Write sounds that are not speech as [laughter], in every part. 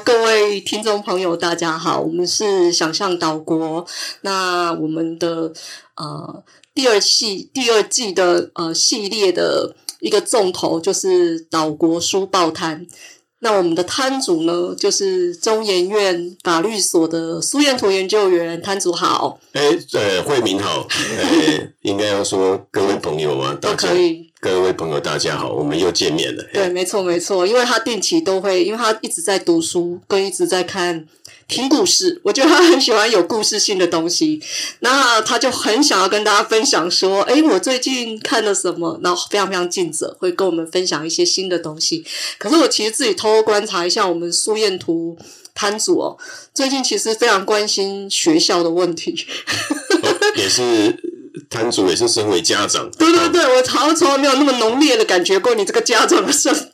各位聽眾朋友，大家好，我們是想象島國。那我們的呃第二季第二季的呃系列的一個重頭就是島國書報攤。那我們的攤主呢，就是中研院法律所的蘇彥圖研究員。攤主好，哎、欸，呃，惠敏好， [laughs] 欸、應該要說各位朋友嗎？大家，都可以。各位朋友，大家好，我們又見面了。對，yeah 沒錯，沒錯，因為他定期都會，因為他一直在讀書，跟一直在看聽故事，我覺得他很喜歡有故事性的東西。那他就很想要跟大家分享說，哎，我最近看了什麼？然後非常非常盡責，會跟我們分享一些新的東西。可是我其實自己偷偷觀察一下，我們蘇彥圖攤主哦，最近其實非常關心學校的問題，哦、 [laughs] 也是。攤主也是身為家長，對對對，那我好像從來沒有那麼濃烈的感覺過你這個家長的身份，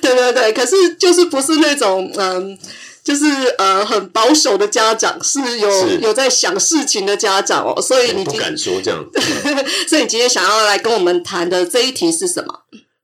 對對對，可是就是不是那種嗯，就是呃、嗯、很保守的家長，是有是有在想事情的家長哦，所以你很不敢說這樣， [laughs] 所以你今天想要來跟我們談的這一題是什麼？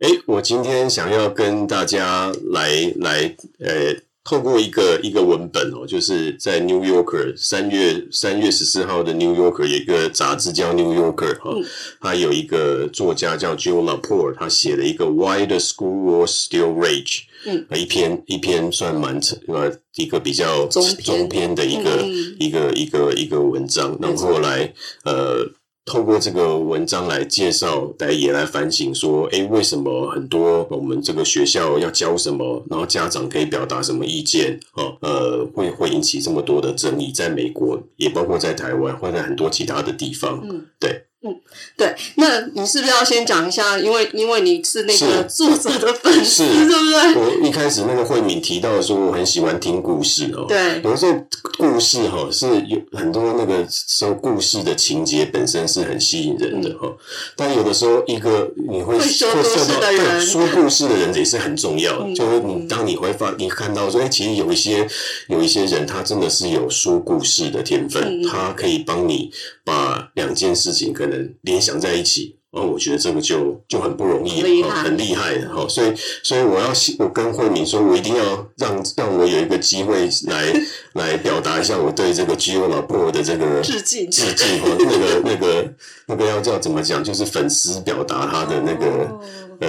哎、欸，我今天想要跟大家來來呃。欸透過一個一個文本哦、喔，就是在 New、er，月《14 New Yorker》三月三月十四號的《New Yorker》有一個雜誌叫 New、er，喔《New Yorker、嗯》哈，他有一個作家叫 Jill Lepore，他寫了一個 Why the、er、School Wars Still Rage，嗯一篇，一篇一篇算蠻呃一個比較中中篇的一個、嗯、一個一個一個文章，那後，後來呃。透過這個文章來介紹，大家也來反省說：哎、欸，為什麼很多我們這個學校要教什麼，然後家長可以表達什麼意見？呃，會會引起這麼多的爭議，在美國，也包括在台灣，或者在很多其他的地方。嗯、對。嗯，對，那你是不是要先講一下？因為因為你是那個作者的粉絲，對是 [laughs] 是不對？我一開始那個惠敏提到的時候，我很喜歡聽故事哦、喔。對，有的時候故事哈、喔、是有很多那個說故事的情節本身是很吸引人的哈、喔。嗯、但有的時候一個你會會說故事的人受到對說故事的人也是很重要。嗯、就是你當你會發你看到說哎、欸，其實有一些有一些人他真的是有說故事的天分，嗯、他可以幫你把兩件事情可能。聯想在一起，然我覺得這個就就很不容易，很厲害哈。所以，所以我要我跟惠敏說，我一定要讓讓我有一個機會來 [laughs] 來表達一下我對這個吉歐拉婆的這個致敬致敬，致敬 [laughs] 那個那個那個要叫怎麼講？就是粉絲表達他的那個、oh, 呃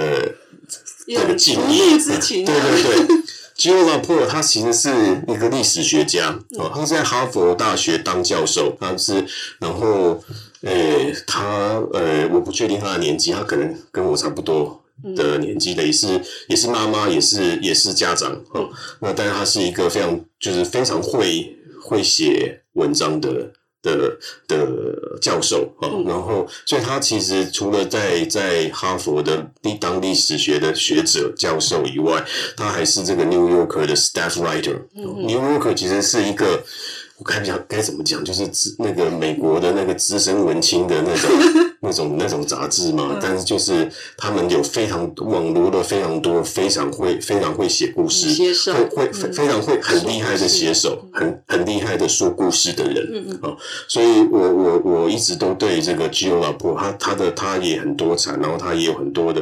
經的敬意之情。對對對，吉歐拉破他其實是一個歷史學家啊， [laughs] 他在哈佛大學當教授，他是然後。呃、欸，他呃，我不確定他的年紀，他可能跟我差不多的年紀的，也是也是媽媽，也是，媽媽也，是也是家長啊。哦。那但是他是一個非常就是非常會會寫文章的的的教授啊。哦嗯、然後，所以他其實除了在在哈佛的當歷史學的學者教授以外，他還是這個 New Yorker 的 staff writer，嗯嗯。New Yorker 其實是一個。我該講該怎麼講，就是資那個美國的那個資深文青的那種 [laughs] 那種那種雜誌嘛， [laughs] 但是就是他們有非常網羅了非常多非常會非常會寫故事，手會會非常會很厲害的寫手，很很厲害的說故事的人啊、嗯哦，所以我我我一直都對這個 Jill Lepore 他他的他也很多才，然後他也有很多的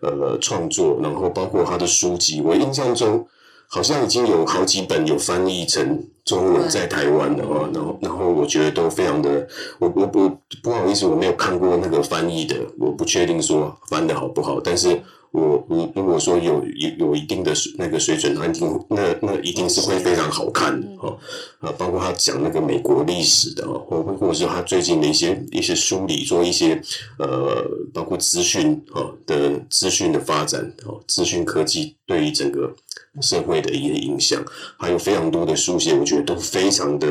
呃創作，然後包括他的書籍，我印象中。好像已經有好幾本有翻譯成中文在台灣的，嗯，哦，然後然後我覺得都非常的，我我我不好意思，我沒有看過那個翻譯的，我不確定說翻得好不好，但是我如如果說有有有一定的那個水準，那一定那那一定是會非常好看的哈啊，包括他講那個美國歷史的哦，或或者是他最近的一些一些梳理，做一些呃，包括資訊，哦，的資訊的發展，哦，資訊科技對於整個。社會的一些影響，還有非常多的書寫，我覺得都非常的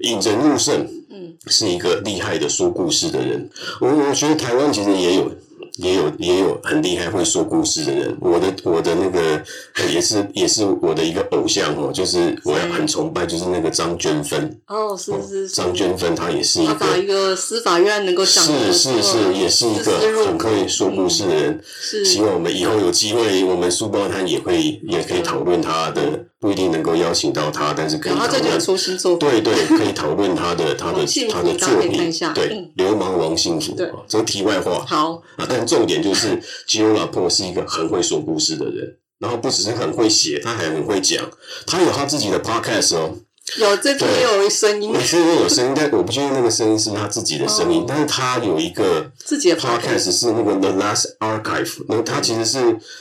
引人入勝。嗯，是一個厲害的說故事的人。我我覺得台灣其實也有。也有也有很厲害會說故事的人，我的我的那個也是也是我的一個偶像哦、喔，就是我要很崇拜，就是那個張娟芬哦，是是張娟芬，他也是一個一個司法院能夠講是是是，也是一個很會說故事的人，嗯、是希望我們以後有機會，我們書報攤也會、嗯、也可以討論他的。不一定能夠邀請到他，但是可以討論。對對，可以討論他的他的他的作品。對，流氓王幸福。嗯哦、對，這是題外話。好啊，但重點就是基歐拉破是一個很會說故事的人，然後不只是很會寫，他還很會講。他有他自己的 podcast 哦。有，這邊也有聲音。對 [laughs] 這邊有聲音，但我不確定那個聲音是他自己的聲音。哦、但是他有一個自己的 podcast 是那個 The Last Archive，那、嗯、他其實是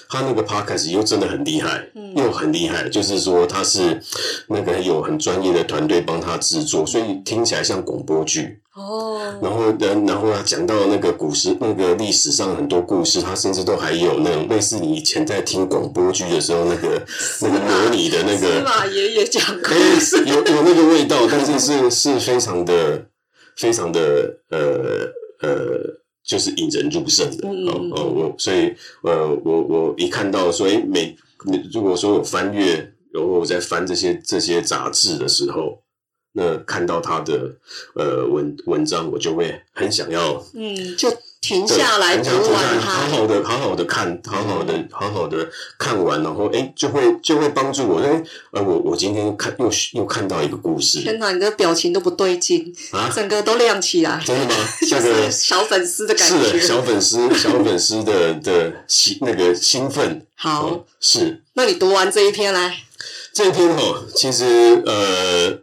他那個 podcast 又真的很厲害，嗯、又很厲害，就是說他是那個有很專業的團隊幫他制作，所以聽起來像廣播劇。哦，oh。然後，然然後他講到那個古詩，那個歷史上很多故事，他甚至都還有那種類似你以前在聽廣播劇的時候那個、啊、那個模擬的那個馬爺爺講，哎、啊欸，有有那個味道，但是是是非常的、非常的呃呃，就是引人入勝的哦、嗯、哦，我所以呃，我我一看到說哎，所以每如果說我翻閱，然後我在翻這些這些雜誌的時候。看到他的、呃、文文章，我就會很想要，嗯，就停下來讀完它，好好的，好好的看，好好的，嗯、好好的，好好的看完，然後哎，就會就會幫助我，哎、呃，我我今天看又又看到一個故事，天哪，你的表情都不對勁啊，整個都亮起來，真的嗎？像、這個就是小粉絲的感覺是，小粉絲，小粉絲的 [laughs] 的興那個興奮，好、哦、是，那你讀完這一篇來，這一篇哈、哦，其實呃。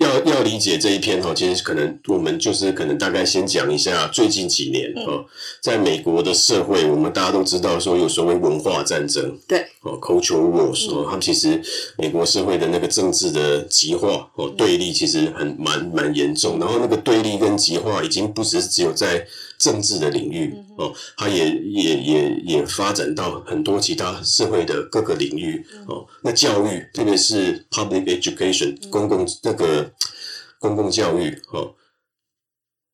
要要理解這一篇哈，其實可能我們就是可能大概先講一下最近幾年啊、嗯哦，在美國的社會，我們大家都知道說有所謂文化戰爭，對，哦 Cultural Wars 哦，他們、嗯、其實美國社會的那個政治的極化哦，嗯、對立其實很蠻蠻嚴重，然後那個對立跟極化已經不只是只有在。政治的領域哦，它也也也也發展到很多其他社會的各個領域哦。那教育，特別是 public education 公共，嗯、那個公共教育哦。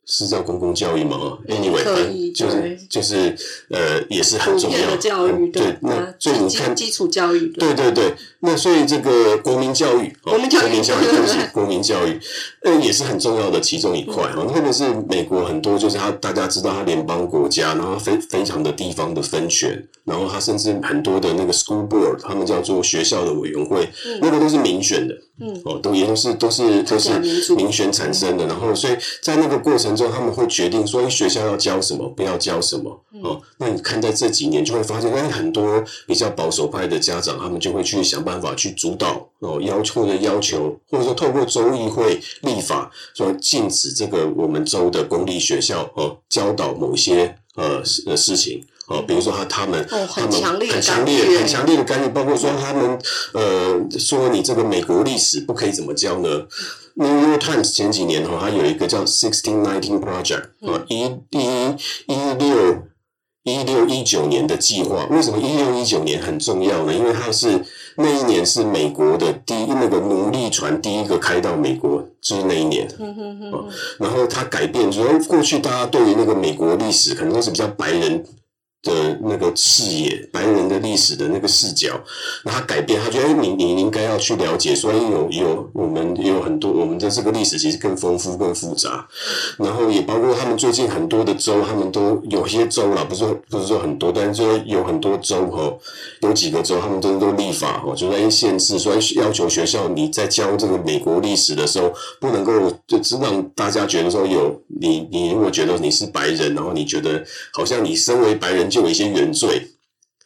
是叫公共教育嗎？Anyway，就是就是呃，也是很重要的教育，對，那所以你看，基礎教育，對對對。那所以這個國民教育，國民教育國民教育，呃，也是很重要的其中一塊。特別是美國很多，就是他大家知道，他聯邦國家，然後非非常的地方的分權，然後他甚至很多的那個 school board，他們叫做學校的委員會，那個都是民選的。嗯，哦，都也都是都是都是民選產生的，然後所以在那個過程中，他們會決定說，學校要教什麼，不要教什麼。哦，那你看在這幾年就會發現，哎，很多比較保守派的家長，他們就會去想辦法去主導哦，要求，或者要求，或者說透過州議會立法，說禁止這個我們州的公立學校哦，教導某些呃的事情。哦，比如說他他們，嗯、他們很強烈、嗯、很強烈的干預，包括說他們、嗯、呃，說你這個美國歷史不可以怎麼教呢？New York Times 前幾年哈、哦，它有一個叫 Sixteen Nineteen Project 啊、哦，嗯、一、一、一六、一六一九年的計劃。為什麼一六一九年很重要呢？因為它是那一年是美國的第一那個奴隸船第一個開到美國，就是那一年。嗯、哦、嗯嗯。嗯嗯，然後他改變，主要過去大家對於那個美國歷史，可能都是比較白人。的那個視野，白人的歷史的那個視角，那他改變，他覺得哎，你你應該要去了解，所以有有我們有很多我們的這個歷史其實更豐富更複雜，然後也包括他們最近很多的州，他們都有些州啦，不是說不是說很多，但是說有很多州吼有幾個州，他們都在立法哦，就在一限制，說要求學校你在教這個美國歷史的時候，不能夠就只讓大家覺得說有你你如果覺得你是白人，然後你覺得好像你身為白人。有一些原罪，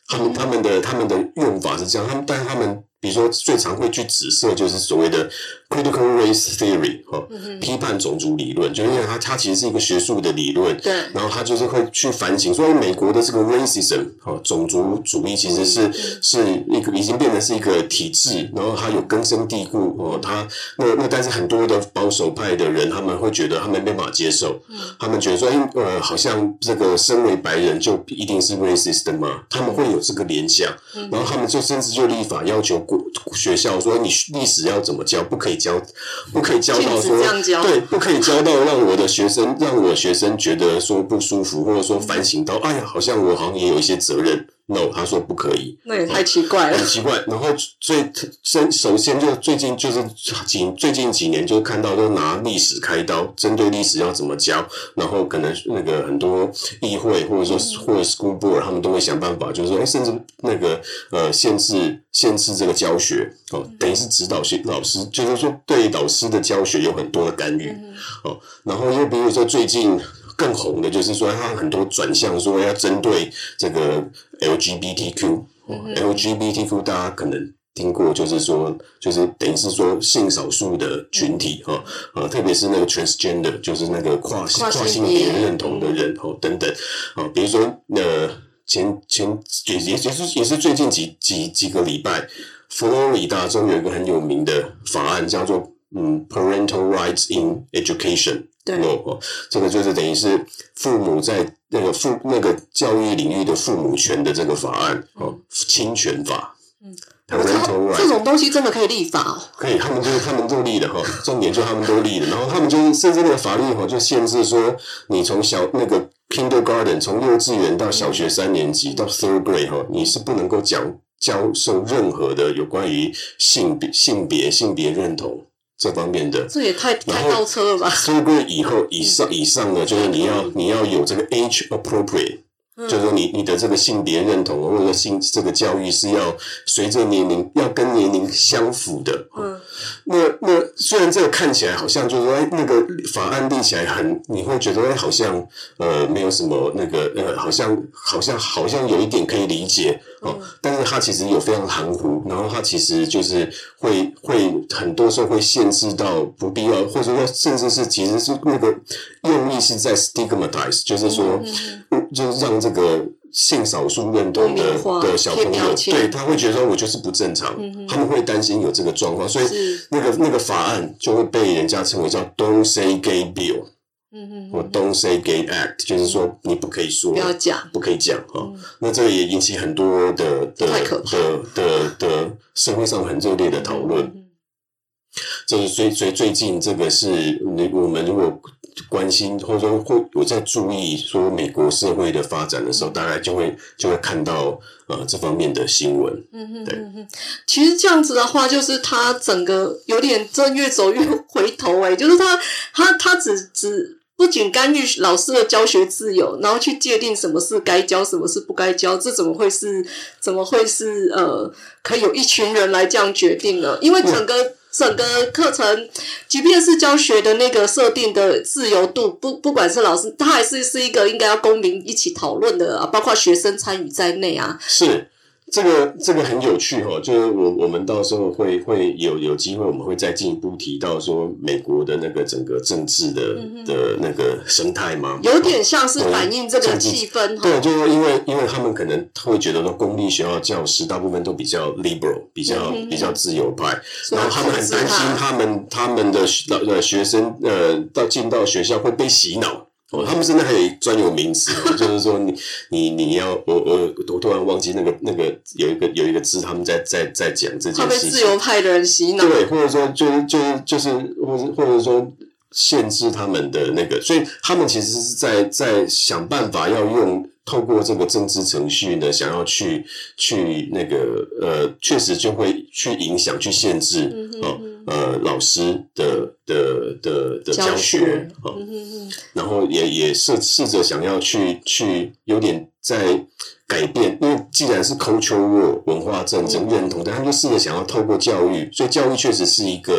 他們他們的他們的用法是這樣，他們但是他們比如說最常會去指涉就是所謂的。Critical Race Theory，哈，批判種族理論，嗯、哼就是因為他他其實是一個學術的理論，對。然後他就是會去反省，所以美國的這個 racism，哈，種族主義其實是、嗯、哼是一個已經變得是一個體制，然後它有根深蒂固，哦、喔，他那那但是很多的保守派的人，他們會覺得他們沒辦法接受，嗯、他們覺得說，呃，好像這個身為白人就一定是 racist 嘛、啊，他們會有這個聯想，嗯、哼然後他們就甚至就立法要求國學校說你歷史要怎麼教，不可以。不教不可以教到說，這樣教。對，不可以教到讓我的學生，嗯、讓我學生覺得說不舒服，或者說反省到，哎呀，好像我好像也有一些責任。No，他說不可以，那也太奇怪了，很、嗯、奇怪。然後最首先就最近就是幾最近幾年就看到都拿歷史開刀，針對歷史要怎麼教，然後可能那個很多議會或者說或者 school board 嗯嗯，他們都會想辦法，就是說，哎，甚至那個呃限制限制這個教學哦，等於是指導性老師，就是說對老師的教學有很多的干預、嗯嗯、哦。然後又比如說最近。更紅的就是說，他很多轉向說要針對這個 LGBTQ，LGBTQ、嗯、哼大家可能聽過，就是說，就是等於是說性少數的群體哈啊、嗯，特別是那個 transgender，就是那個跨跨性別認同的人哈、嗯、哼等等啊，比如說那、呃、前前也也也是也是最近幾幾幾個禮拜，佛羅里達州有一個很有名的法案叫做嗯 Parental Rights in Education。對，no, 哦，這個就是等於是父母在那個父那個教育領域的父母權的這個法案，哦，親權法。嗯，Parental Right, 這種東西真的可以立法、哦？可以，他們就他們都立的哈，重點就他們都立的。哦、立的 [laughs] 然後他們就是甚至那個法律哈、哦，就限制說，你從小那個 Kindergarten 從幼稚園到小學三年級、嗯、到 Third Grade 哈、哦，你是不能夠講教授任何的有關於性別、性別、性別認同。這方面的這也太太倒車了吧？所以，以後以上以上的，就是你要你要有這個 age appropriate，嗯，就是說，你你的這個性別認同或者說性這個教育是要隨着年齡，要跟年齡相符的。嗯那那雖然這個看起來好像就是說、欸、那個法案立起來很，你會覺得哎、欸、好像呃沒有什麼那個呃好像好像好像有一點可以理解哦，嗯、但是它其實有非常含糊，然後它其實就是會會很多時候會限制到不必要，或者說甚至是其實是那個用意是在 stigmatize，就是說嗯嗯嗯、嗯、就是讓這個。性少數認同的的小朋友，對，他會覺得我就是不正常，他們會擔心有這個狀況，所以那個那個法案就會被人家稱為叫 Don't Say Gay Bill，或 Don't Say Gay Act，就是說你不可以說，不要講，不可以講哈。那這個也引起很多的的的的的社會上很熱烈的討論。就是所以所以最近這個是我們如果。關心或者說，會我在注意說美國社會的發展的時候，大概就會就會看到呃這方面的新聞。對，嗯哼嗯哼，其實這樣子的話，就是他整個有點正越走越回頭哎、欸，嗯、就是他，他，他只只不僅干預老師的教學自由，然後去界定什麼是該教，什麼是不該教，這怎麼會是怎麼會是呃，可以有一群人來這樣決定呢？因為整個、嗯。整個課程，即便是教學的那個設定的自由度，不不管是老師，他還是是一個應該要公民一起討論的啊，包括學生參與在內啊。是。這個這個很有趣哈、哦，就是我我們到時候會會有有機會，我們會再進一步提到說美國的那個整個政治的、嗯、哼的那個生態嗎？有點像是反映這個氣氛，嗯、對，哦、就是因為因為他們可能會覺得說公立學校教師大部分都比較 liberal，比較、嗯、哼比較自由派，嗯、哼然後他們很擔心他們他們的老呃學生呃到進到學校會被洗腦。哦，他們現在還有專有名詞， [laughs] 就是說你你你要我我、哦呃、我突然忘記那個那個有一個有一個字，他們在在在講這件事情，被自由派的人洗腦，對，或者說就是就是就是，或者或者說。限制他們的那個，所以他們其實是在在想辦法要用透過這個政治程序呢，想要去去那個呃，確實就會去影響、去限制嗯嗯嗯、哦、呃，老師的的的的教學，然後也也試試着想要去去有點在。改變，因為既然是 culture war 文化戰爭認同，但他們就試着想要透過教育，所以教育確實是一個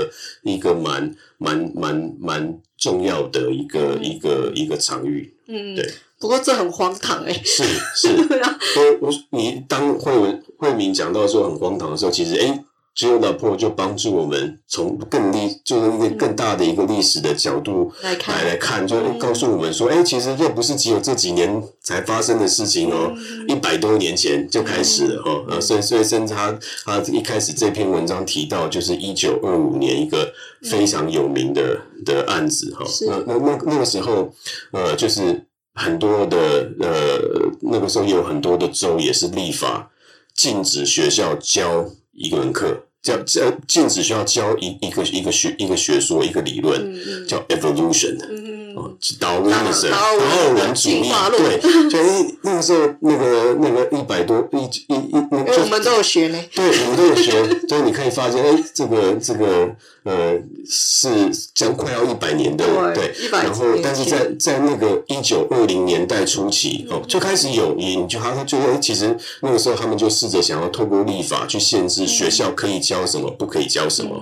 一個蠻蠻蠻蠻重要的一個、嗯、一個一個場域。嗯，對。不過這很荒唐誒、欸、是是。是是 [laughs] 對啊、我我你當惠文惠敏講到說很荒唐的時候，其實誒、欸只有老婆就幫助我們從更歷，就是一個更大的一個歷史的角度來看，mm hmm. 來看，就告訴我們說，哎、欸，其實又不是只有這幾年才發生的事情哦，一百，mm hmm. 多年前就開始了哦、mm hmm. 呃。所以，所以，甚至他他一開始這篇文章提到，就是一九二五年一個非常有名的、mm hmm. 的案子哈、呃。那那那那個時候，呃，就是很多的呃，那個時候有很多的州也是立法禁止學校教。一人課，叫教，禁止需要教一一個一個學一個學說，一個理論，嗯嗯叫 evolution。嗯嗯嗯哦，導論式，然後達爾文主義，對，就是那個時候，那個那個一百多一一一，我們都有學嘞，對，我們都有學，所以你可以發現，哎，這個這個呃，是將快要一百年的，對，然後，但是在在那個一九二零年代初期哦，就開始有你就他們覺得，哎，其實那個時候他們就試着想要透過立法去限制學校可以教什麼，不可以教什麼，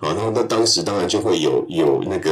啊，然後那當時當然就會有有那個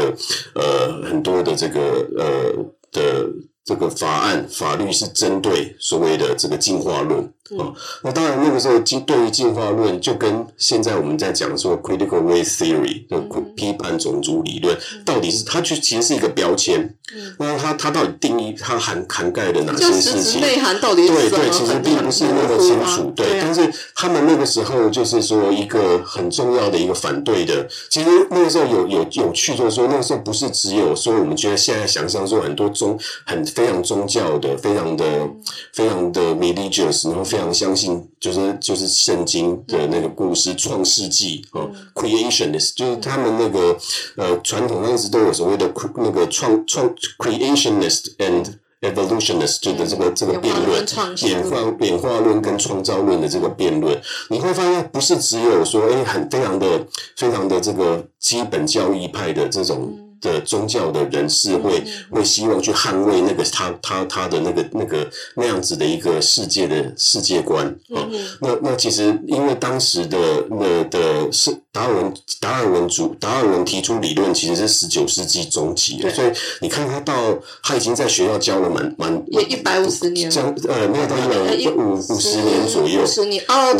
呃很多的。這個呃的這個法案、法律是針對所謂的這個進化論。嗯哦、那當然，那個時候進對於進化論，就跟現在我們在講說 critical race theory 的、嗯、批判種族理論，嗯、到底是它就其實是一個標籤，嗯、那它它到底定義它涵涵蓋了哪些事情內涵？到底對對，對其實並不是那麼清楚。對，但是他們那個時候就是說一個很重要的一個反對的。對啊、其實那個時候有有有趣，就是說那個時候不是只有說我們覺得現在想象說很多宗很非常宗教的，非常的、嗯、非常的 religious 然後。非常相信就是就是聖經的那個故事創、嗯、世紀哦、uh, creationist、嗯、就是他們那個、嗯、呃傳統上一直都有所謂的 cre, 那個創創 creationist and evolutionist，、嗯、就的這個這個辯論，演化演化論跟創造論的這個辯論，你會發現不是只有說哎很非常的非常的這個基本教義派的這種。嗯的宗教的人士會、mm hmm. 會希望去捍衛那個他他他的那個那個那樣子的一個世界的世界觀啊、mm hmm. 嗯，那那其實因為當時的那的是達爾文，達爾文主，達爾文提出理論其實是十九世紀中期的，所以你看他到他已經在學校教了蠻蠻一百五十年，將呃沒有到一百五五五十年左右，五十年到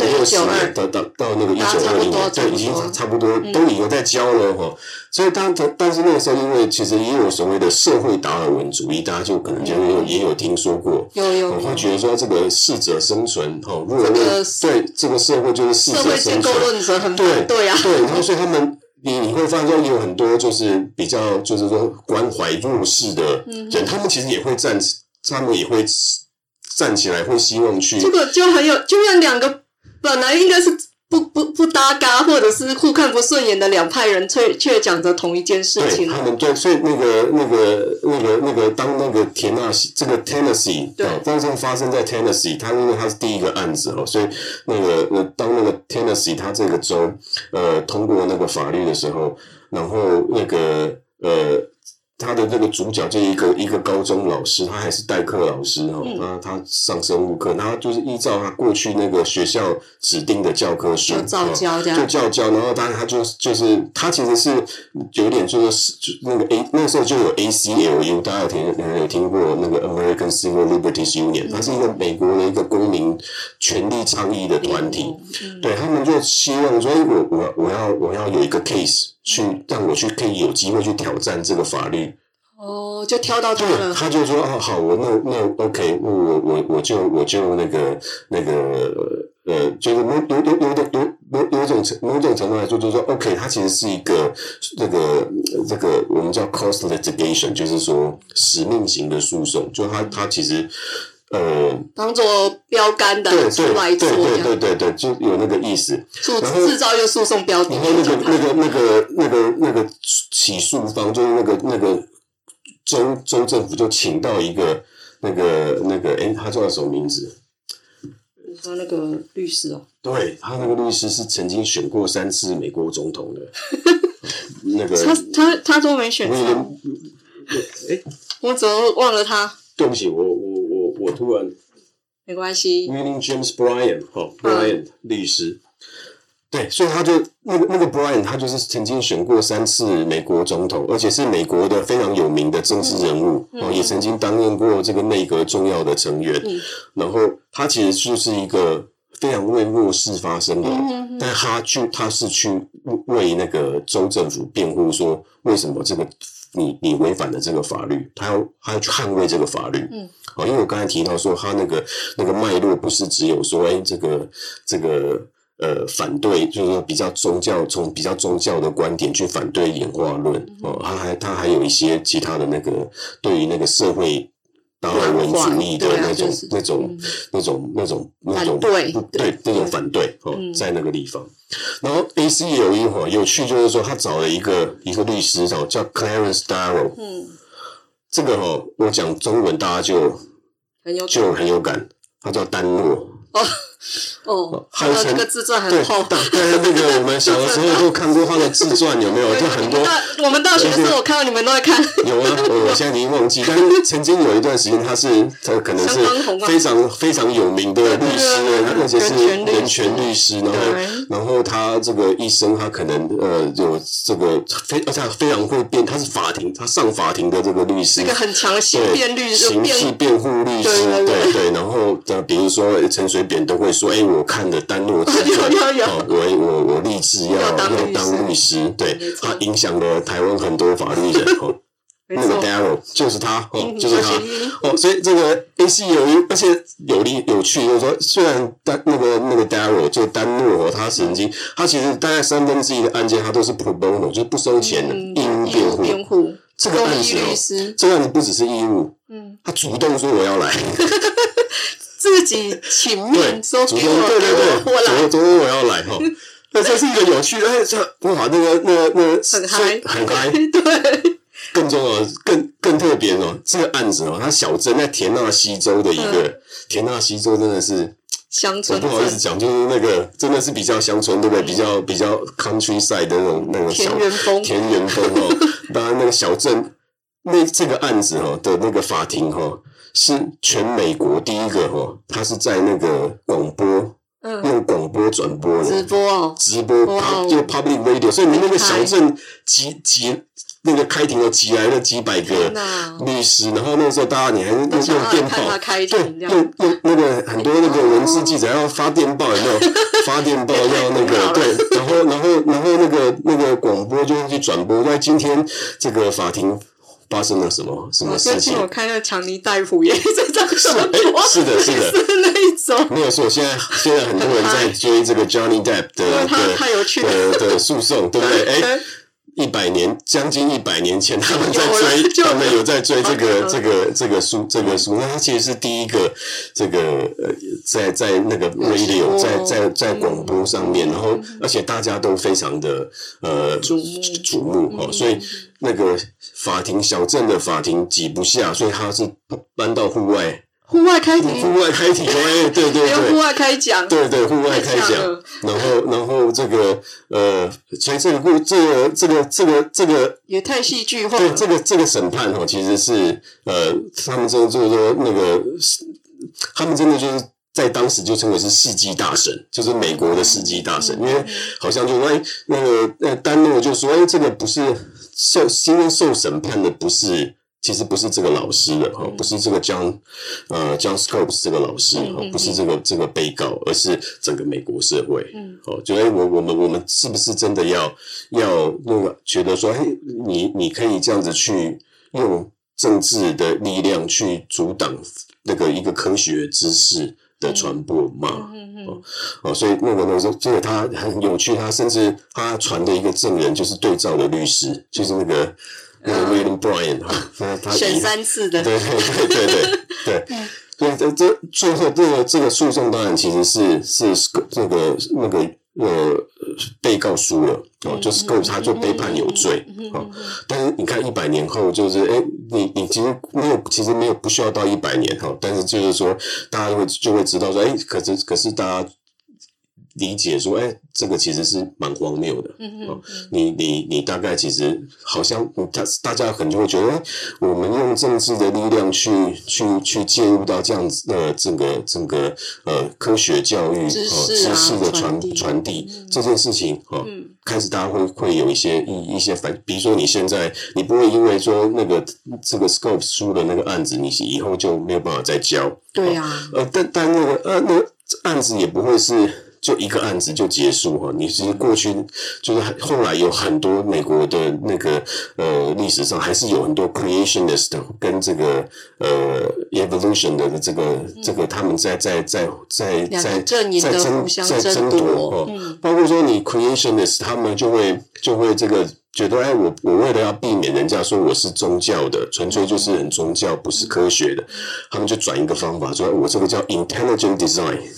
到到那個一九二零年，對，已經差不多都已經在教了哈。所以當但是那個時候，因為其實也有所謂的社會達爾文主義，大家就可能也有也有聽說過，有有，會覺得說這個適者生存哦，如果那個，對這個社會就是適者生存，對對呀。對，然後所以他們，你你會發現說有很多就是比較，就是說關懷弱勢的人，嗯、哼他們其實也會站，他們也會站起來，會希望去，這個就很有，就像兩個本來應該是不不不搭嘎，或者是互看不順眼的兩派人卻，卻卻講着同一件事情。對，他們就，所以那個那個那個、那個、那個當。田納西這個 Tennessee，對，當時發生在 Tennessee，它，因為它是第一個案子哦，所以那個呃，當那個 Tennessee 它這個州呃通過那個法律的時候，然後那個呃。他的那個主角就一個一個高中老師，他還是代課老師哈，他、嗯、他上生物課，他就是依照他過去那個學校指定的教科書教，教教，然後當然他就就是他其實是有點就是就那個 A 那時候就有 A C L U，大家有聽有、嗯、聽過那個 American Civil Liberties Union，、嗯、它是一個美國的一個公民權利倡議的團體，嗯嗯、對他們就希望，說，我我我要我要有一個 case。去，讓我去可以有機會去挑戰這個法律。哦，就挑到他了。他就說：“哦，好，我那那 OK，那我我我就我就那個那個呃，就是某某種種程度來說，就說 OK，他其實是一個這個這個我們叫 cost litigation，就是說使命型的訴訟，就他他其實。”呃，當做標杆的出來做，對對對，對對對對，就有那個意思。做制 [laughs] 後造一個訴訟標的，然後、嗯、那個那個那個那個那個起訴方，就是那個那個州州政府，就請到一個那個那個，哎、那個欸，他叫什麼名字？他那個律師哦，對他那個律師是曾經選過三次美國總統的， [laughs] 那個他他他都沒選。哎、嗯，我，欸、我怎麼忘了他？對不起，我。突然，沒關係。William Jennings Bryan，哦，Bryan 律師，對，所以他就那個那個 Bryan，他就是曾經選過三次美國總統，而且是美國的非常有名的政治人物，嗯、哦，嗯、也曾經擔任過這個內閣重要的成員。嗯、然後他其實就是一個非常為弱勢發聲的人，嗯嗯嗯，但他就他是去為那個州政府辯護，說為什麼這個。你你違反了這個法律，他要他要去捍衛這個法律。嗯，因為我剛才提到說，他那個那個脈絡不是只有說，哎，這個這個呃，反對就是說比較宗教，從比較宗教的觀點去反對演化論。哦，他還他還有一些其他的那個對於那個社會。達爾文主義的那種、那種、那種、那種、那種，對，那種反對哦，在那個地方。然後 ACLU 有一伙有趣，就是說他找了一個一個律師哦，叫 Clarence Darrow。嗯，這個哦，我講中文大家就就很有感，他叫丹諾。哦，他的那個自傳很厚，但是那個我們小的時候就看過他的自傳，有沒有？就很多。我們大學時候我看到你們都在看。有啊，我現在已經忘記，但是曾經有一段時間，他是，他可能是非常非常有名的律師，而且是人權律師。然後，然後他這個醫生，他可能呃，有這個非，而且非常會辯，他是法庭，他上法庭的這個律師，一個很強行辯律師，刑事辯護律師，對對。然後，呃，比如說陳水扁都會。說哎，我看的丹諾，是有有，我我我立志要要當律師，對，他影響了台灣很多法律人哦。那個 Darrow 就是他哦，就是他哦，所以這個 A C 有一，而且有利有趣。就是說雖然丹那個那個 Darrow 就丹諾，和他曾經他其實大概三分之一的案件他都是 pro bono，就是不收錢的義務辯護。這個案子哦，這個案子不只是義務，嗯，他主動說我要來。自己請面收票，對對對，昨昨天我要來哈，那這是一個有趣的，哎，哇，那個那個那個很嗨，很嗨，對，更重要，更更特別哦，這個案子哦，它小鎮在田納西州的一個田納西州，真的是鄉村，我不好意思講，就是那個真的是比較鄉村，對不對？比較比較 countryside 的那種那種小園風，田園風哦，當然那個小鎮，那這個案子哈的那個法庭哈。是全美國第一個哈、哦，他是在那個廣播，用廣播轉播的直播哦，直播就 public radio 開所以你那個小鎮擠擠那個開庭都、哦、擠來了幾百個律師，然後那個時候大家你還用電報，這樣對，用用那，那個很多那個文字記者要發電報要發電報要那個 [laughs] 對，然後然後然後那個那個廣播就是去轉播，在今天這個法庭。發生了什麼什麼事情？我看到強尼大夫也在上訴，是的，是的，那一種。沒有，說現在現在很多人在追這個 Johnny Depp 的的的訴訟，對不對？誒一百年，將近一百年前，他們在追，他們有在追這個這個這個書這個書那他其實是第一個這個呃，在在那個 radio 在在在廣播上面，然後而且大家都非常的呃矚目，矚目哦，所以。那個法庭小鎮的法庭擠不下，所以他是搬到戶外。戶外開庭，戶外開庭，欸，對對對， [laughs] 對對，戶外開講，對對戶外開講。然後，然後這個呃，所以這個故這個這個這個這個也太戲劇化了對。這個這個審判哦，其實是呃，他們真的就是說那個，他們真的就是。在當時就稱為是世紀大神，就是美國的世紀大神，嗯、因為好像就哎那，那個呃丹諾就說哎這個不是受今天受審判的不是其實不是這個老師的哈、嗯、不是這個江呃江斯科斯這個老師哈、嗯嗯嗯、不是這個這個被告，而是整個美國社會、嗯、哦，就哎我我們我們是不是真的要要那個覺得說哎你你可以這樣子去用政治的力量去阻擋那個一個科學知識？傳、嗯、播嘛，嗯嗯嗯、哦，所以那個那就這個他很有趣，他甚至他傳的一個證人就是對照的律師，就是那個、嗯、那威廉布萊恩他，他選三次的，對對對對對對，所以這這最後這個這個訴訟當然其實是是這個那個、那個、呃被告輸了。 [noise] 哦，就是告他就被判有罪。 [noise] 哦，但是你看一百年後，就是哎，你你其實沒有，其實沒有不需要到一百年哈，哦，但是就是說，大家就會就會知道說，哎，可是可是大家。理解說，哎、欸，這個其實是蠻荒謬的。嗯嗯哼、哦、你你你大概其實好像大大家可能就會覺得，哎，我們用政治的力量去去去介入到這樣子的這、呃、個這個呃科學教育知識、啊、知識的傳傳遞這件事情，哦、嗯。開始大家會會有一些一一些反，比如說你現在你不會因為說那個這個 Scopes 輸的那個案子，你以後就沒有辦法再教？對呀、啊哦，呃，但但那個案、呃、那案子也不會是。就一個案子就結束哈，你其實過去就是後來有很多美國的那個呃歷史上還是有很多 creationist 跟這個呃 evolution 的這個、嗯、這個他們在在在在在在爭在爭奪哈，嗯、包括說你 creationist 他們就會就會這個覺得哎，我我為了要避免人家說我是宗教的，純粹就是很宗教不是科學的，嗯、他們就轉一個方法說我這個叫 intelligent design。 [laughs]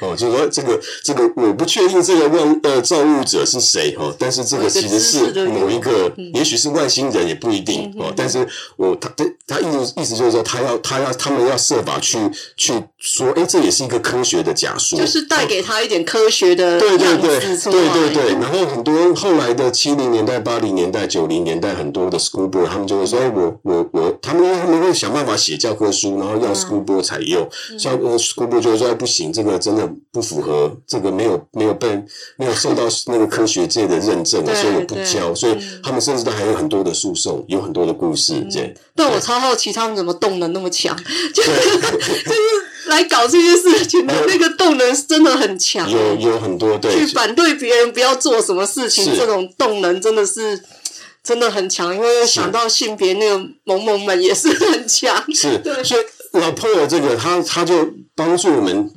哦，就是說這個這個我不確定這個問呃造物者是誰哈、哦，但是這個其實是某一個，也許是外星人也不一定、嗯、哦。但是我他他他意思意思就是說他要他要他們要設法去去說，哎，這也是一個科學的假說，就是帶給他一點科學的、哦、對對對對對對。然後很多後來的七零年代、八零年代、九零年代，很多的 school board 他們就會說，我我我，他們他們會想辦法寫教科書，然後要 school board 採用，呃、嗯、school board、嗯、就會說不行，這個真的。不符合，這個沒有沒有被沒有受到那個科學界的認證，所以我不教。所以他們甚至都還有很多的訴訟，有很多的故事。這，但我超好奇他們怎麼動能那麼強，就是就是來搞這些事情的，那個動能是真的很強。有有很多對，去反對別人不要做什麼事情，這種動能真的是真的很強。因為想到性別那個萌萌們也是很強，是，所以老朋友這個他他就幫助我們。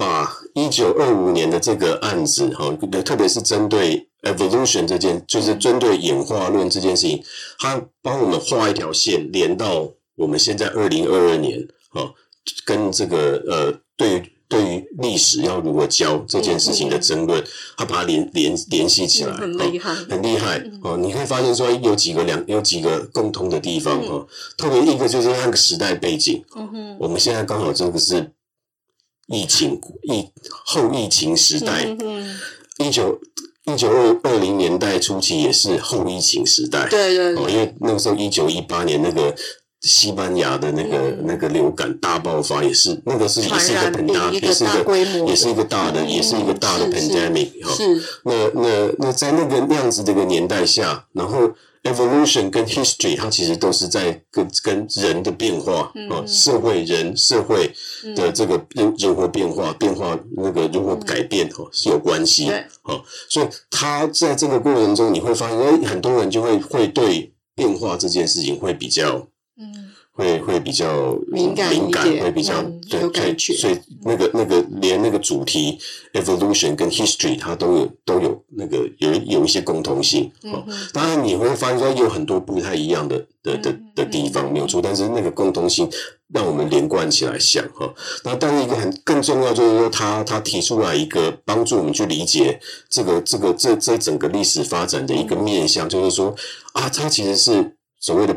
把一九二五年的這個案子哈，特別是針對 evolution 這件，就是針對演化論這件事情，他幫我們畫一條線，連到我們現在二零二二年啊，跟這個呃，對對於歷史要如何教這件事情的爭論，他、嗯、哼把它連連聯繫起來，嗯、很厲害，很厲害哦，嗯、哼你會發現說，有幾個兩，有幾個共通的地方哈，嗯、哼特別一個就是那個時代背景，嗯、哼我們現在剛好這個是。疫情疫後疫情時代，一九一九二零年代初期也是後疫情時代，對，對對，因為那個時候一九一八年那個西班牙的那個、嗯、那個流感大爆發也是那個是也是一個很大的一個大規模的也是一個大的、嗯、也是一個大的 pandemic 哈，那那那在那個樣子的這個年代下，然後。evolution 跟 history，它其實都是在跟跟人的變化啊、嗯哦，社會人社會的這個人如何變化、嗯、變化那個如何改變哈、嗯哦、是有關係的哈對、哦，所以它在這個過程中你會發現，哎、呃，很多人就會會對變化這件事情會比較嗯。會會比較敏感，敏感會比較、嗯、對，有感覺，所以、嗯、所以那個那個連那個主題 evolution 跟 history 它都有都有那個有有一些共通性哈。哦嗯、哼當然你會發現說有很多不太一樣的的的的的地方、嗯、沒有錯，但是那個共通性讓我們連貫起來想哈、哦。那但是一個很更重要就是說，他他提出來一個幫助我們去理解這個這個這這整個歷史發展的一個面向，嗯、就是說啊，它其實是所謂的。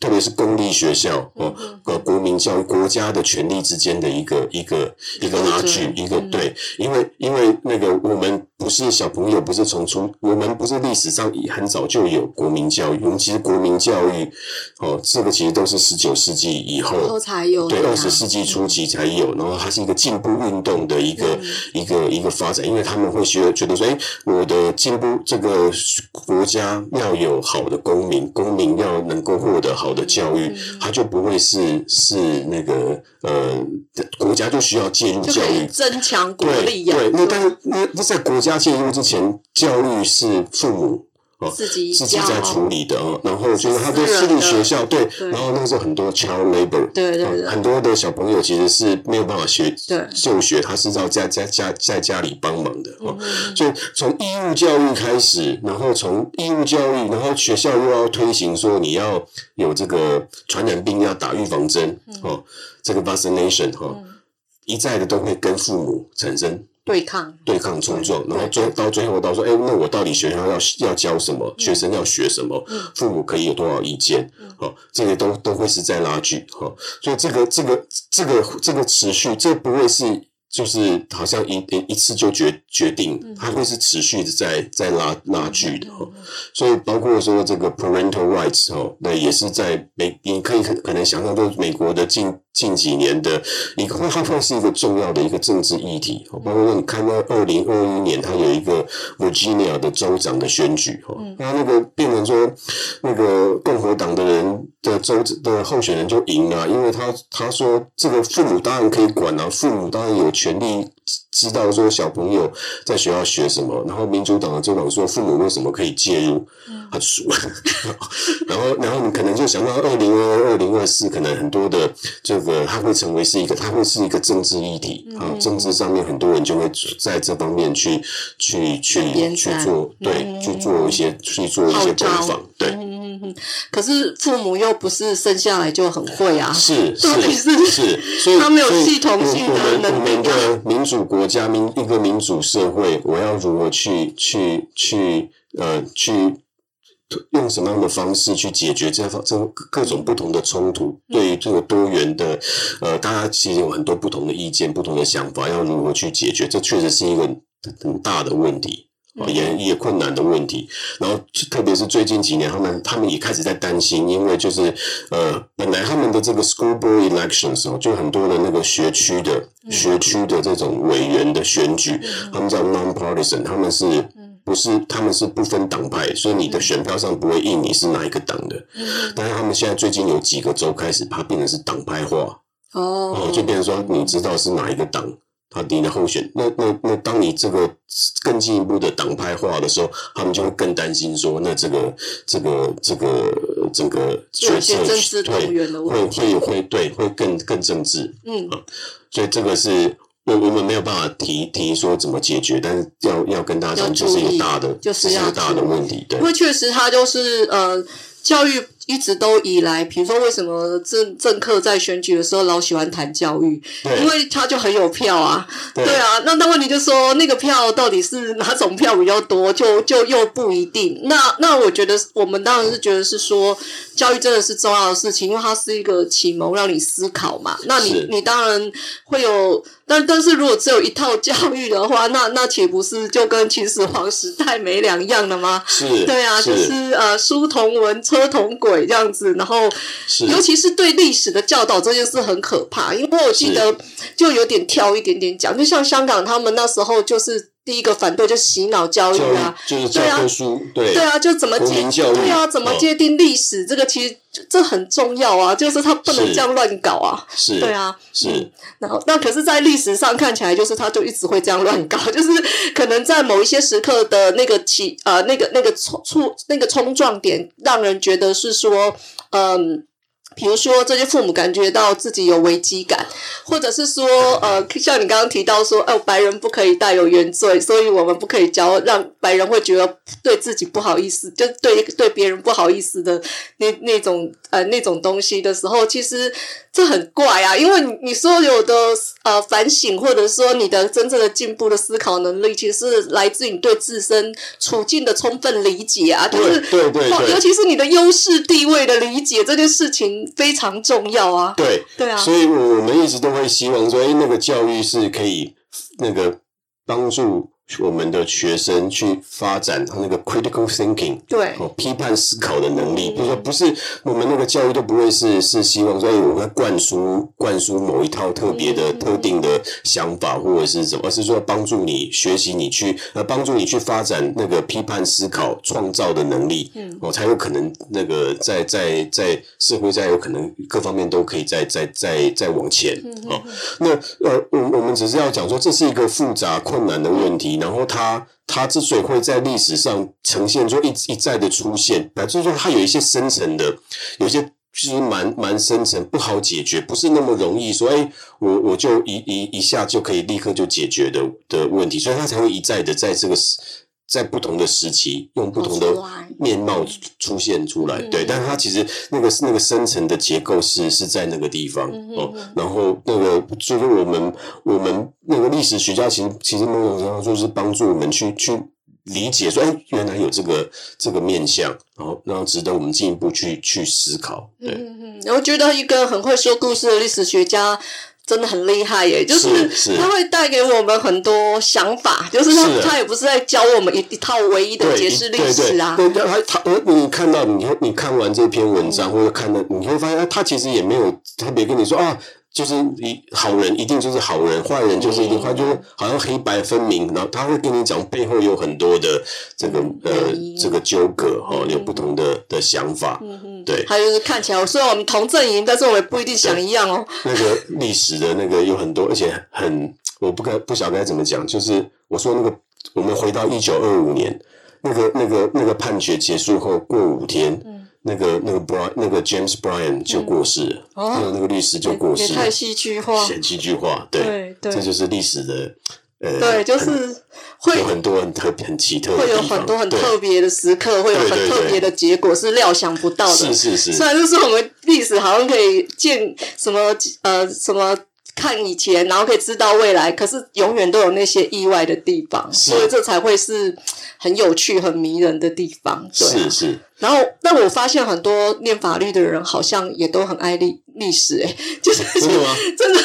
特別是公立學校，哦，呃，國民教育，國家的權力之間的一個一個一個拉鋸，一個，一個，一個對，對因為因為那個我們不是小朋友，不是從從、嗯、我們不是歷史上很早就有國民教育，我們其實國民教育，哦，這個其實都是十九世紀以後，後才有的。啊，對，二十世紀初期才有，嗯、然後它是一個進步運動的一個、嗯、一個一個發展，因為他們會覺得覺得說，哎、欸，我的進步，這個國家要有好的公民，公民要能夠獲得好。好的教育，嗯、他就不會是是那個呃，國家就需要介入教育，增強國力呀、啊。對，對吧？那但那那在國家介入之前，教育是父母。哦，自己自己在處理的哦，然後就是他私的私立學校，對，對。然後那時候很多 child labor，對對、對、對、嗯，很多的小朋友其實是沒有辦法學，對，就學他是要在、在、在家家在家裡幫忙的哦。嗯嗯，所以從義務教育開始，然後從義務教育，然後學校又要推行說你要有這個傳染病要打預防針，嗯、哦，這個 vaccination 哈、哦，嗯、一再的都會跟父母產生。對抗對抗衝撞，然後最後到最後到說，哎、欸，那我到底學校要要教什麼，學生要學什麼，嗯、父母可以有多少意見？哈、嗯，哦，這個都都會是在拉鋸哈、哦，所以這個這個這個這個持續，這個、不會是就是好像一一次就決決定，它會是持續的在在拉拉鋸的哈。哦，嗯嗯嗯、所以包括說這個 Parental Rights 哈、哦，那也是在美，你可以可能想象說美國的進。近幾年的一個、放是一個重要的一個政治議題，包括你看到二零二一年，它有一個 Virginia 的州長的選舉哈，那、嗯、那個變成說，那個共和黨的人的州的候選人就贏了、啊，因為他他說這個父母當然可以管啊，父母當然有權利。知道說小朋友在學校學什麼，然後民主黨的政黨說父母為什麼可以介入，很熟、嗯。 [laughs] 然後，然後你可能就想到二零二二、二零二四，2024可能很多的這個它會成為是一個，它會是一個政治議題。啊、嗯、政治上面很多人就會在這方面去去去在去做，對，嗯、去做一些、嗯、去做一些攻防，糟對。嗯嗯哼，可是父母又不是生下來就很會啊，是到底是是，所以他沒有系統性的能力。我們的民主國家，民一個民主社會，我要如何去去去呃去用什麼樣的方式去解決這方這各種不同的衝突？嗯、對於這個多元的呃，大家其實有很多不同的意見、不同的想法，要如何去解決？這確實是一個很大的問題。也也困難的問題，然後特別是最近幾年，他們他們也開始在擔心，因為就是呃，本來他們的這個 school board elections 哦，就很多的那個學區的、嗯、學區的這種委員的選舉，嗯、他們叫 nonpartisan，他們是、嗯、不是他們是不分黨派，所以你的選票上不會印你是哪一個黨的，嗯、但是他們現在最近有幾個州開始怕變成是黨派化，哦，哦，就變成說你知道是哪一個黨。他你的候選，那那那，當你這個更進一步的黨派化的時候，他們就會更擔心說，那這個這個這個這個確實、這個、對政治的問題對，會會會對，會更更政治嗯、啊，所以這個是，我我們沒有辦法提提說怎麼解決，但是要要跟大家講，這是一個大的，這、就是一個大的問題的，對因為確實他就是呃教育。一直都以來，比如說為什麼政政客在選舉的時候老喜歡談教育，對因為他就很有票啊，對啊。對啊，那那問題就說，那個票到底是哪種票比較多，就就又不一定。那那我覺得，我們當然是覺得是說，教育真的是重要的事情，因為它是一個啟蒙，讓你思考嘛。那你是你當然會有。但但是如果只有一套教育的話，那那豈不是就跟秦始皇時代沒兩樣了嗎？是，對啊，就是，是呃，書同文，車同軌這樣子，然後是尤其是對歷史的教導這件事很可怕，因為我記得就有點挑一點點講，是就像香港他們那時候就是。第一個反對就洗腦教育啊，教育，就是教科書，對啊，書對對啊，就怎麼解教？對啊，怎麼界定歷史？哦、這個其實這很重要啊，就是他不能這樣亂搞啊，是，對啊，是。然後、嗯，那可是在歷史上看起來，就是他就一直會這樣亂搞，就是可能在某一些時刻的那個起呃，那個那個衝那個衝撞點，讓人覺得是說，嗯。比如說，這些父母感覺到自己有危機感，或者是說，呃，像你剛剛提到說，哦、呃，白人不可以帶有原罪，所以我們不可以教讓白人會覺得對自己不好意思，就對對別人不好意思的那那種呃那種東西的時候，其實這很怪啊，因為你你所有的呃反省，或者說你的真正的進步的思考能力，其實是來自你對自身處境的充分理解啊，就是對對對，對對對尤其是你的優勢地位的理解這件事情。非常重要啊！對，對啊，所以我們一直都會希望說，誒，那個教育是可以，那個，幫助。我們的學生去發展他那個 critical thinking，對、喔，批判思考的能力，嗯、比如說不是我們那個教育都不會是是希望說，哎，我會灌輸灌輸某一套特別的特定的想法、嗯、或者是怎麼，而是說幫助你學習，你去呃幫助你去發展那個批判思考、創造的能力，嗯，哦、喔，才有可能那個在在在社會上有可能各方面都可以再再再再往前哦、嗯喔，那呃，我我們只是要講說這是一個複雜困難的問題。然後他他之所以會在歷史上呈現出一一再的出現，那就是說它有一些深層的，有些其實蠻蠻深層，不好解決，不是那麼容易說，以、欸、我我就一一一下就可以立刻就解決的的問題，所以它才會一再的在這個。在不同的時期，用不同的面貌出現出來，出來對。但它其實那個那個深層的結構是是在那個地方，嗯哼哼喔，然後那個就是我們我們那個歷史學家其實其實某種程度上就是幫助我們去去理解說，哎，欸，原來有這個這個面向，然後然後值得我們進一步去去思考。對，然後，嗯、我覺得一個很會說故事的歷史學家。真的很厲害耶、欸，就是他會帶給我們很多想法，是是就是他他也不是在教我們一一套唯一的解釋歷史啊。對，對，對，他他，而你看到你你看完這篇文章、嗯、或者看到，你會發現他其實也沒有特別跟你說啊。就是一好人一定就是好人，壞人就是一定壞，就是好像黑白分明。然後他會跟你講背後有很多的這個、嗯嗯、呃這個糾葛哈，有不同的的想法。嗯嗯嗯、對，他就是看起來雖然我們同陣營，但是我們不一定想一樣哦。那個歷史的那個有很多，而且很我不該不曉得該怎麼講。就是我說那個，我們回到一九二五年那個那個那個判決結束後過五天。嗯那個那個 Brian 那個 James Bryan 就過世了，那、嗯哦、那個律師就過世，也太戲劇化，戲劇化，對，對，對，這就是歷史的，呃，對，就是會，很有很很會有很多很特別很奇特，會有很多很特別的時刻，對會有很特別的結果，對對對對，是料想不到的，是是是。雖然就是我們歷史好像可以見什麼呃什麼看以前，然後可以知道未來，可是永遠都有那些意外的地方，是所以這才會是很有趣、很迷人的地方。對。是是。然後，但我發現很多念法律的人好像也都很愛歷歷史、欸，哎，就是真的，真的，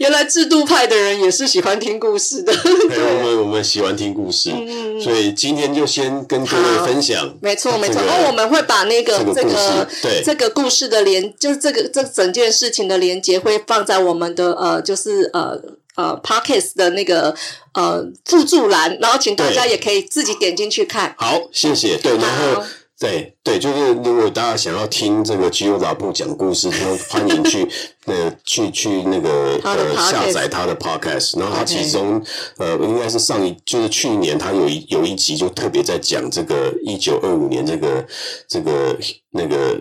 原來制度派的人也是喜歡聽故事的。對，對我們我們喜歡聽故事，嗯、所以今天就先跟各位分享，沒錯沒錯。然、這個啊、我們會把那個這個、這個、對這個故事的連，就是這個這整件事情的連結會放在我們的呃，就是呃呃，Podcast 的那個呃輔助欄，然後請大家也可以自己點進去看。好，謝謝。對，好然後。對對，就是如果大家想要聽這個吉歐拉布講故事，歡迎去呃 [laughs] 去去那個、呃、下載他的 podcast。然後他其中 Okay 呃，應該是上一就是去年，他有一有一集就特別在講這個一九二五年這個這個那個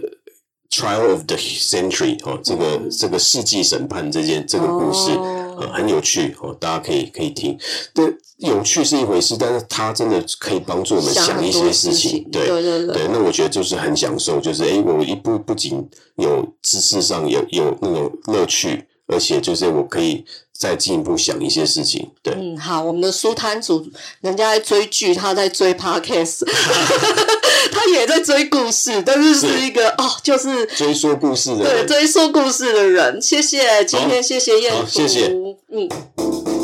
trial of the century 哦，這個這個世紀審判這件、哦、這個故事。嗯、很有趣哦，大家可以可以聽。對，有趣是一回事，但是它真的可以幫助我們想一些事情。對對對，對，對，對，那我覺得就是很享受，就是哎、欸，我一部不僅有知識上有有那種樂趣，而且就是我可以再進一步想一些事情。對，嗯，好，我們的書攤主，人家在追劇，他在追 Podcast。 [laughs] 他也在追故事，但是是一個是哦，就是追說故事的人，對，追說故事的人，謝謝今天，謝謝燕，哦，謝謝，嗯。